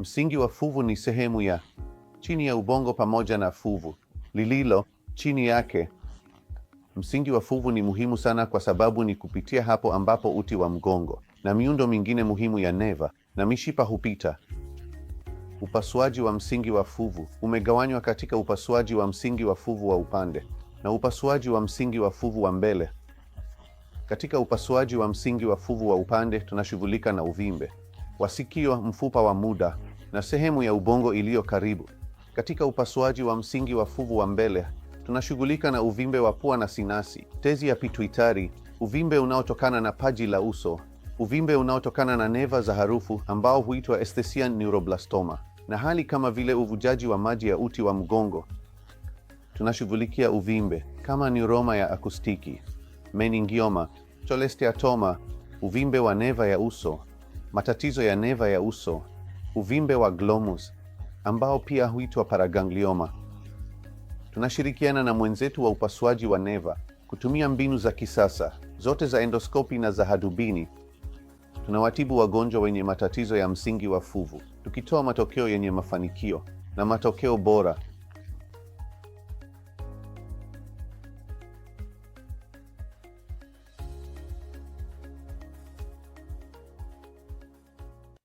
Msingi wa fuvu ni sehemu ya chini ya ubongo pamoja na fuvu lililo chini yake. Msingi wa fuvu ni muhimu sana kwa sababu ni kupitia hapo ambapo uti wa mgongo na miundo mingine muhimu ya neva na mishipa hupita. Upasuaji wa msingi wa fuvu umegawanywa katika upasuaji wa msingi wa fuvu wa upande na upasuaji wa msingi wa fuvu wa mbele. Katika upasuaji wa msingi wa fuvu wa upande tunashughulika na uvimbe wa sikio, mfupa wa muda na sehemu ya ubongo iliyo karibu. Katika upasuaji wa msingi wa fuvu wa mbele, tunashughulika na uvimbe wa pua na sinasi, tezi ya pituitari, uvimbe unaotokana na paji la uso, uvimbe unaotokana na neva za harufu ambao huitwa esthesian neuroblastoma, na hali kama vile uvujaji wa maji ya uti wa mgongo. Tunashughulikia uvimbe kama neuroma ya akustiki, meningioma, cholesteatoma, uvimbe wa neva ya uso, matatizo ya neva ya uso uvimbe wa glomus ambao pia huitwa paraganglioma. Tunashirikiana na mwenzetu wa upasuaji wa neva kutumia mbinu za kisasa zote za endoskopi na za hadubini. Tunawatibu wagonjwa wenye matatizo ya msingi wa fuvu, tukitoa matokeo yenye mafanikio na matokeo bora.